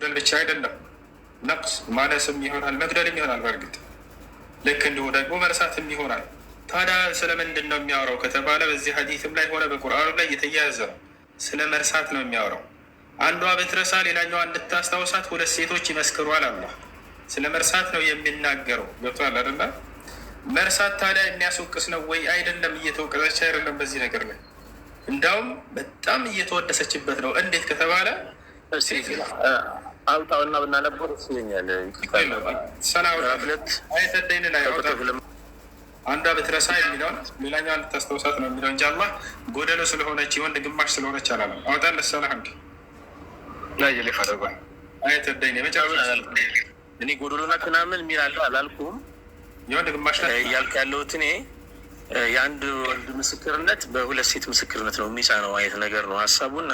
መግደል ብቻ አይደለም ነቅስ ማነስም ይሆናል፣ መግደልም ይሆናል። በእርግጥ ልክ እንዲሁ ደግሞ መርሳትም ይሆናል። ታዲያ ስለምንድን ነው የሚያወራው ከተባለ በዚህ ሀዲትም ላይ ሆነ በቁርአኑ ላይ የተያያዘ ነው። ስለ መርሳት ነው የሚያወራው። አንዷ ብትረሳ ሌላኛዋ እንድታስታውሳት ሁለት ሴቶች ይመስክሯል አለ። ስለ መርሳት ነው የሚናገረው። ገብቷል አይደለ? መርሳት ታዲያ የሚያስወቅስ ነው ወይ? አይደለም። እየተወቀሰች አይደለም በዚህ ነገር ላይ እንዳውም በጣም እየተወደሰችበት ነው። እንዴት ከተባለ አውጣውና ብናነበው ደስ ይለኛል። አንዷ ብትረሳ የሚለውን ሌላኛ ልታስታውሳት ነው የሚለው እንጂ አላህ ጎደሎ ስለሆነች የወንድ ግማሽ ስለሆነች አላለም። አውጣን ለሰላህ እንዲ አይተደኝ እኔ ጎደሎ ናት ምናምን የሚላለው አላልኩም። የወንድ ግማሽ ናት እያልክ ያለሁት እኔ የአንድ ወንድ ምስክርነት በሁለት ሴት ምስክርነት ነው የሚሳ ነው አይነት ነገር ነው ሀሳቡና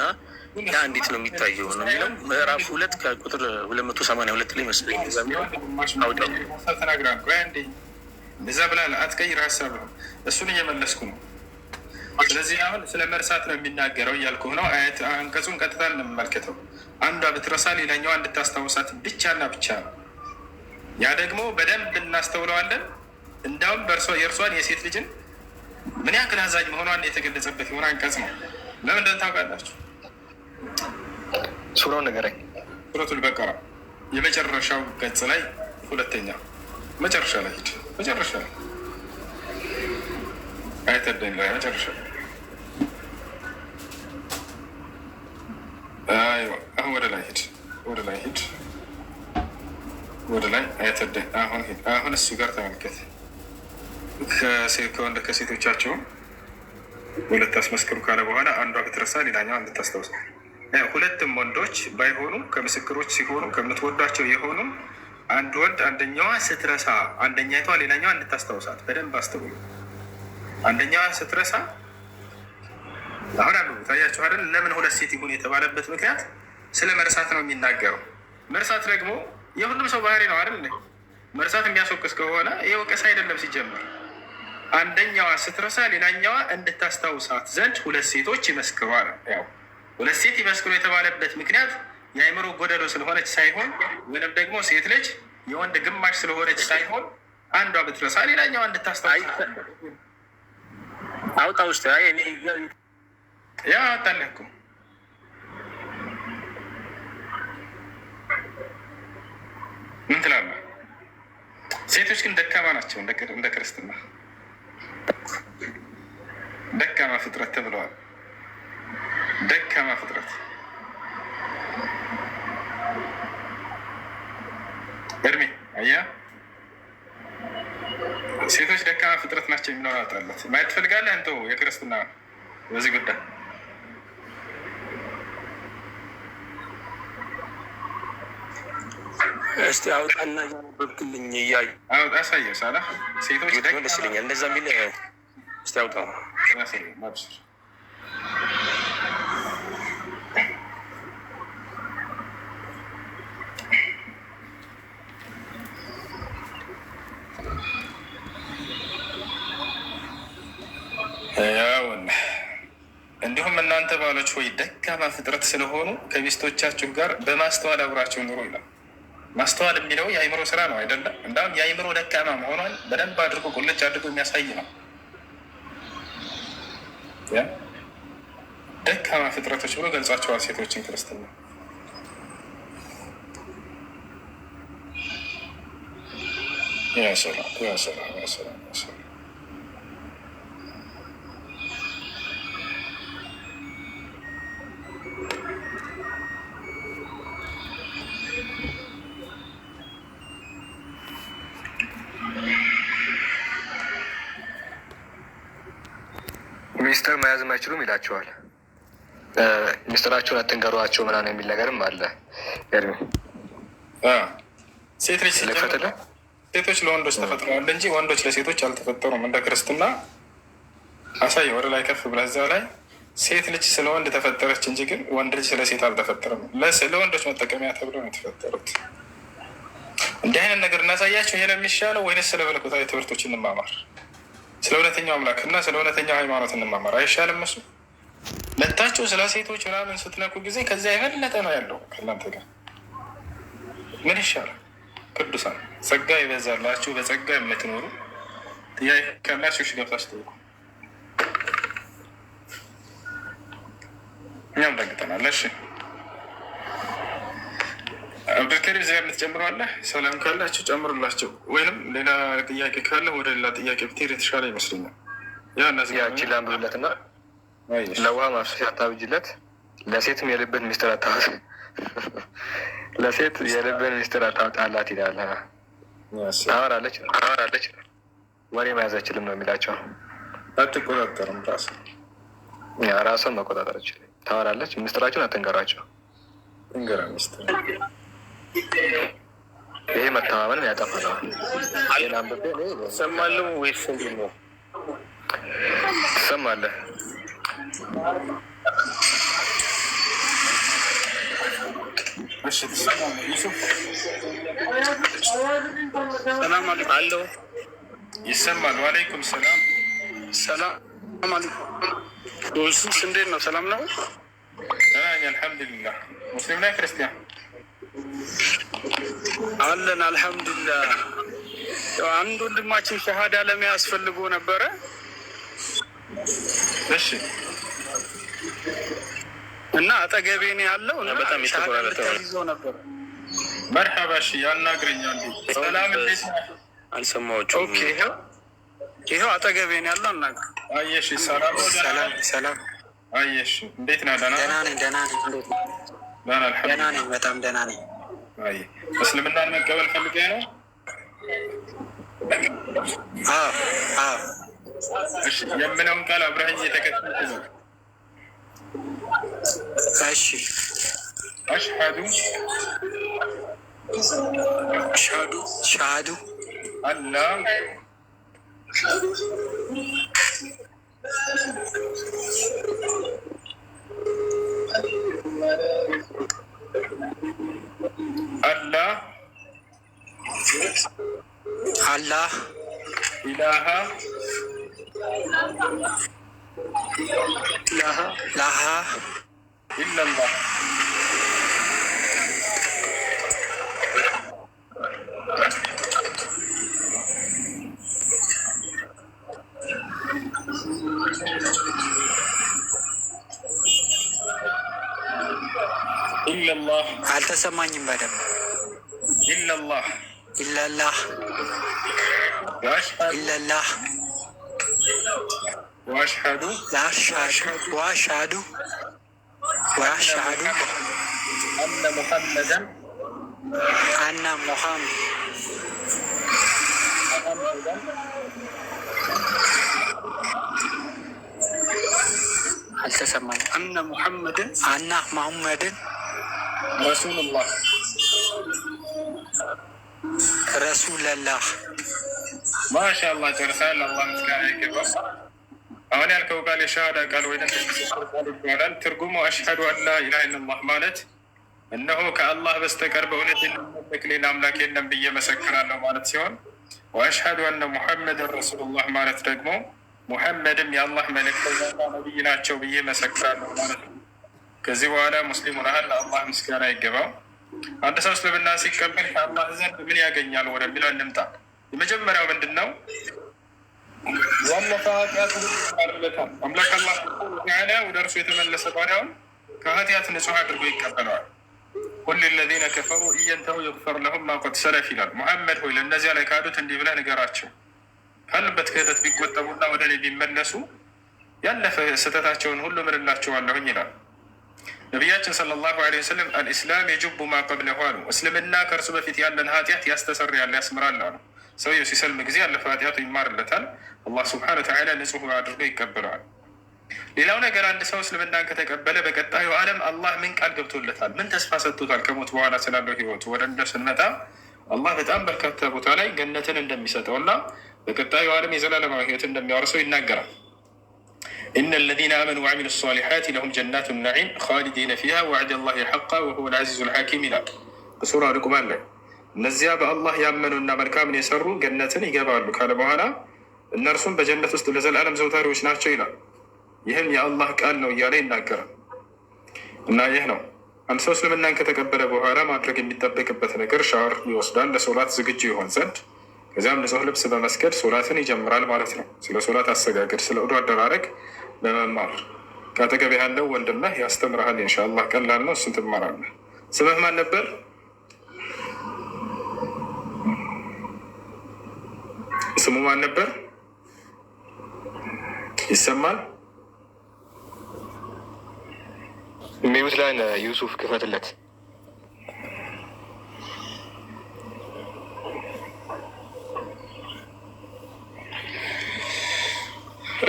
ያ እንዴት ነው የሚታየው ነው የሚለው ምዕራፍ ሁለት ከቁጥር ሁለት መቶ ሰማንያ ሁለት ላይ መስለኝ እዛ ብላል። አትቀይር ሀሳብ ነው እሱን እየመለስኩ ነው። ስለዚህ አሁን ስለ መርሳት ነው የሚናገረው እያልኩ ነው። አያት አንቀጹን ቀጥታ እንመልከተው። አንዷ ብትረሳ ሌላኛዋ እንድታስታውሳት ብቻና ብቻ ነው። ያ ደግሞ በደንብ እናስተውለዋለን። እንዳውም በእርሷ የእርሷን የሴት ልጅን ምን ያክል አዛኝ መሆኗን የተገለጸበት የሆነ አንቀጽ ነው። ለምን እንደታውቃላችሁ ሱራው ንገረኝ። ሱረቱል በቀራ የመጨረሻው ገጽ ላይ ሁለተኛ መጨረሻ ላይ ሂድ። መጨረሻ ላይ አይተደኝ ላይ መጨረሻ አሁን ወደ ላይ ሂድ። ወደ ላይ ሂድ። ወደ ላይ አይተደኝ አሁን ሂድ። አሁን እሱ ጋር ተመልከት። ከወንድ ከሴቶቻቸው ሁለት አስመስክሩ ካለ በኋላ አንዷ ብትረሳ ሌላኛው እንድታስታውሳል ሁለትም ወንዶች ባይሆኑ ከምስክሮች ሲሆኑ ከምትወዷቸው የሆኑ አንድ ወንድ አንደኛዋ ስትረሳ አንደኛይቷ ሌላኛዋ እንድታስታውሳት በደንብ አስተውሉ። አንደኛዋ ስትረሳ አሁን አሉ ታያቸው አይደል? ለምን ሁለት ሴት ይሁን የተባለበት ምክንያት ስለ መርሳት ነው የሚናገረው። መርሳት ደግሞ የሁሉም ሰው ባህሪ ነው አይደል? መርሳት የሚያስወቅስ ከሆነ የወቀስ አይደለም። ሲጀምር አንደኛዋ ስትረሳ ሌላኛዋ እንድታስታውሳት ዘንድ ሁለት ሴቶች ይመስክሯል ያው ሁለት ሴት ይመስክሩ የተባለበት ምክንያት የአእምሮ ጎደሎ ስለሆነች ሳይሆን ወይም ደግሞ ሴት ልጅ የወንድ ግማሽ ስለሆነች ሳይሆን አንዷ ብትረሳ ሌላኛው እንድታስታውስ አውጣ ውስጥ ያ አጣለኩ ምን ትላለህ? ሴቶች ግን ደካማ ናቸው። እንደ ክርስትና ደካማ ፍጥረት ተብለዋል። ደካማ ፍጥረት እድሜ አየህ፣ ሴቶች ደካማ ፍጥረት ናቸው የሚለው አወጣለት። ማየት ትፈልጋለህ? እንተው የክርስትና በዚህ ጉዳይ እስቲ አውጣና እያነበብክልኝ እያዩ አውጣ ሳየ ሳላ ሴቶች ደስ ይለኛል። እንደዛ ሚል እስቲ አውጣ ባሎች ሆይ ደካማ ፍጥረት ስለሆኑ ከሚስቶቻችሁ ጋር በማስተዋል አብራችሁ ኑሩ ይላል። ማስተዋል የሚለው የአይምሮ ስራ ነው አይደለም። እንዳውም የአይምሮ ደካማ መሆኗን በደንብ አድርጎ ቁልጭ አድርጎ የሚያሳይ ነው። ደካማ ፍጥረቶች ብሎ ገልጿቸዋል ሴቶችን ክርስትና ያሰራ ያሰራ ያሰራ ሚስጥር መያዝም አይችሉም ይላቸዋል። ሚስጥራቸውን አትንገሯቸው ምናምን የሚል ነገርም አለ። ሴት ልጅ ሴቶች ለወንዶች ተፈጥረዋል እንጂ ወንዶች ለሴቶች አልተፈጠሩም። እንደ ክርስትና አሳይ ወደ ላይ ከፍ ብላ እዚያው ላይ ሴት ልጅ ስለ ወንድ ተፈጠረች እንጂ ግን ወንድ ልጅ ስለ ሴት አልተፈጠረም። ለወንዶች መጠቀሚያ ተብሎ ነው የተፈጠሩት። እንዲህ አይነት ነገር እናሳያቸው። ይሄ ነው የሚሻለው ወይነት ስለ መለኮታዊ ትምህርቶች እንማማር? ስለ እውነተኛው አምላክና ስለ እውነተኛው ሃይማኖት እንማማር አይሻልም? እሱ መታችሁ ስለ ሴቶች ምናምን ስትነኩ ጊዜ ከዚያ የበለጠ ነው ያለው ከእናንተ ጋር ምን ይሻላል? ቅዱሳን ጸጋ ይበዛላችሁ፣ በጸጋ የምትኖሩ ጥያቄ ካላችሁ እሺ ገብታችሁ ጠይቁ። እኛም ደግጠናል። እሺ በከሪ ዚ አይነት ጨምሯለህ። ሰላም ካላቸው ጨምሩላቸው፣ ወይም ሌላ ጥያቄ ካለ ወደ ሌላ ጥያቄ ብትሄድ የተሻለ ይመስለኛል። ያቺ ላንብብለት እና ለውሃ ማፍሰሻ አታብጅለት፣ ለሴትም የልብን ሚስጥር አታወጥ፣ ለሴት የልብን ሚስጥር አታውጣላት ይላል። ታወራለች ታወራለች፣ ወሬ መያዝ አይችልም ነው የሚላቸው። አትቆጣጠርም፣ ራስን ራሷን መቆጣጠር አይችልም። ታወራለች፣ ምስጢራቸውን አትንገራቸው፣ ንገራ ምስጢር ይሄ መተማመንም ያጠፋል። ሰማለሁ ወይስ ነው? ትሰማለህ? ሰላም ይሰማል። ዋሌይኩም ሰላም። ሰላም አለይኩም። እንዴት ነው? ሰላም ነው። አልሐምዱሊላህ። ሙስሊም ላይ ክርስቲያን አለን አልሐምዱሊላህ። አንድ ወንድማችን ሸሃዳ ለመያዝ ፈልጎ ነበረ። እሺ እና አጠገቤ ነው ያለው እና በጣም ይዞ ነበር። መርሐባ እሺ፣ ያናግረኝ ሰላም፣ እንዴት አልሰማዎችም? ኦኬ፣ ይኸው ይኸው አጠገቤ ነው ያለው። አናግር አየሽ፣ ሰላም ሰላም፣ አየሽ፣ እንዴት ነህ? ደህና ነኝ፣ ደህና ነኝ፣ ደህና ነኝ፣ በጣም ደህና ነኝ። እስልምናን መቀበል ፈልጌ ነው። የምለውን ቃል አብረኸኝ የተከተልክ ነው። እሺ አሽሀዱ ሻዱ ሻዱ አላ الله إلها إلها إلها إلا الله إلا الله إلا الله إلا الله واشهد الا الله واشهد واشهد واشهد واشهد ان محمدا ان محمد هل تسمعني ان محمدا ان محمدا رسول الله ረሱለላህ ማሻአላ ጨርሳል። አላ ምስጋና ይገባል። አሁን ያልከው ቃል የሻሃዳ ቃል ወይ ቃል ይባላል። ትርጉሙ አሽሀዱ አላ ኢላሃ ኢለላህ ማለት እነሆ ከአላህ በስተቀር በእውነት የሚመለክ ሌላ አምላክ የለም ብዬ መሰክራለሁ ማለት ሲሆን ወአሽሀዱ አነ ሙሐመድን ረሱሉላህ ማለት ደግሞ ሙሐመድም የአላህ መልእክተኛና ነቢይ ናቸው ብዬ መሰክራለሁ ማለት ነው። ከዚህ በኋላ ሙስሊሙን አህል ለአላህ ምስጋና ይገባው። አንድ ሰው እስልምና ሲቀበል ከአላህ ዘንድ ምን ያገኛል ወደሚለው እንምጣ። የመጀመሪያው ምንድን ነው? ያለፈ አምላክ አላህ ያለ ወደ እርሱ የተመለሰ ባሪያውን ከኃጢአት ንጹሕ አድርጎ ይቀበለዋል። ሁሉ ለዚነ ከፈሩ እየንተው የክፈር ለሁም ማቆት ሰለፍ ይላል። ሙሐመድ ሆይ ለእነዚያ ላይ ካዱት እንዲህ ብለህ ንገራቸው ካሉበት ክህደት ቢቆጠቡና ወደ እኔ ቢመለሱ ያለፈ ስህተታቸውን ሁሉ ምንላቸዋለሁኝ ይላል። ነቢያችን ሰለላሁ ዐለይሂ ወሰለም አልኢስላም የጅቡ ማቀብለሁ አሉ። እስልምና ከእርሱ በፊት ያለን ኃጢአት ያስተሰርያል፣ ያስምራል አሉ። ሰውየው ሲሰልም ጊዜ ያለፈ ኃጢአቱ ይማርለታል። አላህ ስብሐነ ወተዓላ ንጹህ አድርጎ ይቀበለዋል። ሌላው ነገር አንድ ሰው እስልምናን ከተቀበለ በቀጣዩ ዓለም አላህ ምን ቃል ገብቶለታል? ምን ተስፋ ሰጥቶታል? ከሞት በኋላ ስላለው ህይወቱ ወደ እንደው ስንመጣ አላህ በጣም በርካታ ቦታ ላይ ገነትን እንደሚሰጠውና በቀጣዩ ዓለም የዘላለማዊ ህይወት እንደሚያወርሰው ይናገራል። إن الذين آمنوا وعملوا الصالحات لهم جنات النعيم خالدين فيها وعد الله حقا وهو العزيز الحكيም ይላል በሱራ ልቁማን ላይ እነዚያ በአላህ ያመኑና መልካምን የሰሩ ገነትን ይገባሉ ካለ በኋላ እነርሱም በጀነት ውስጥ ለዘላለም ዘውታሪዎች ናቸው ይላል። ይህም የአላህ ቃል ነው እያለ ይናገራል። እና ይህ ነው አንድ ሰው እስልምናን ከተቀበለ በኋላ ማድረግ የሚጠበቅበት ነገር ሻወር ይወስዳል፣ ለሶላት ዝግጁ ይሆን ዘንድ ከዚያም ንጹህ ልብስ በመስገድ ሶላትን ይጀምራል ማለት ነው። ስለ ሶላት አሰጋገድ፣ ስለ ዶ አደራረግ ለመማር ከአጠገብ ያለው ወንድምህ ያስተምርሃል። እንሻላ ቀላል ነው፣ እሱን ትማራለህ። ስምህ ማን ነበር? ስሙ ማን ነበር? ይሰማል? ሚዩት ላይ ዩሱፍ ክፈትለት።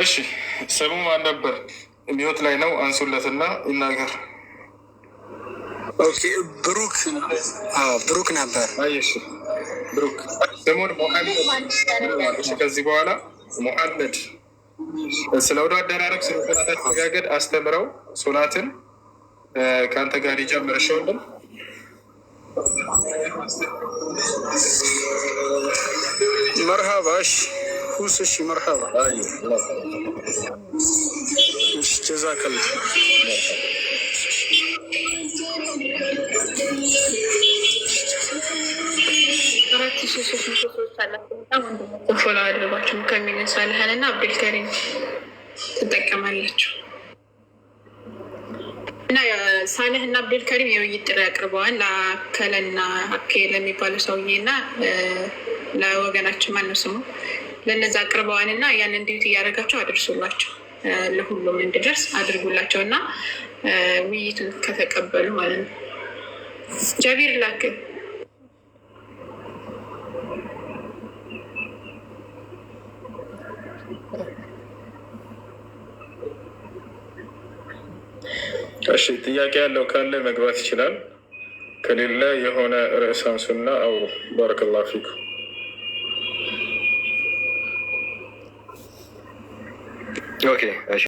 እሺ ማን ነበር ሚወት ላይ ነው አንሱለትና ይናገር። ብሩክ ብሩክ ነበር ብሩክ ስሙን ከዚህ በኋላ ሞሀመድ ስለ ወደ አደራረግ ስለ ሶላት አስተጋገድ አስተምረው ሶላትን ከአንተ ጋር ይጀምርሸውልን። መርሃባሽ ሁስ እሺ፣ መርሃባ እሺ፣ ጀዛከላ ፎሎ አድርጓቸው ከሚል ሳልሀን እና አብዱልከሪም ትጠቀማላችሁ እና ሳልህ እና አብዱልከሪም የውይይት ጥሪ አቅርበዋል ለአከለና አኬ ለሚባለው ሰውዬ እና ለወገናችን ማነው ስሙ ለነዚ አቅርበዋን እና ያንን እንዴት እያደረጋቸው አድርሱላቸው ለሁሉም እንድደርስ አድርጉላቸው እና ውይይቱን ከተቀበሉ ማለት ነው። ጀቢር ላክ እሺ፣ ጥያቄ ያለው ካለ መግባት ይችላል። ከሌለ የሆነ ርዕሰ አንሱና አውሩ። ባረከላሁ ፊኩም Okay.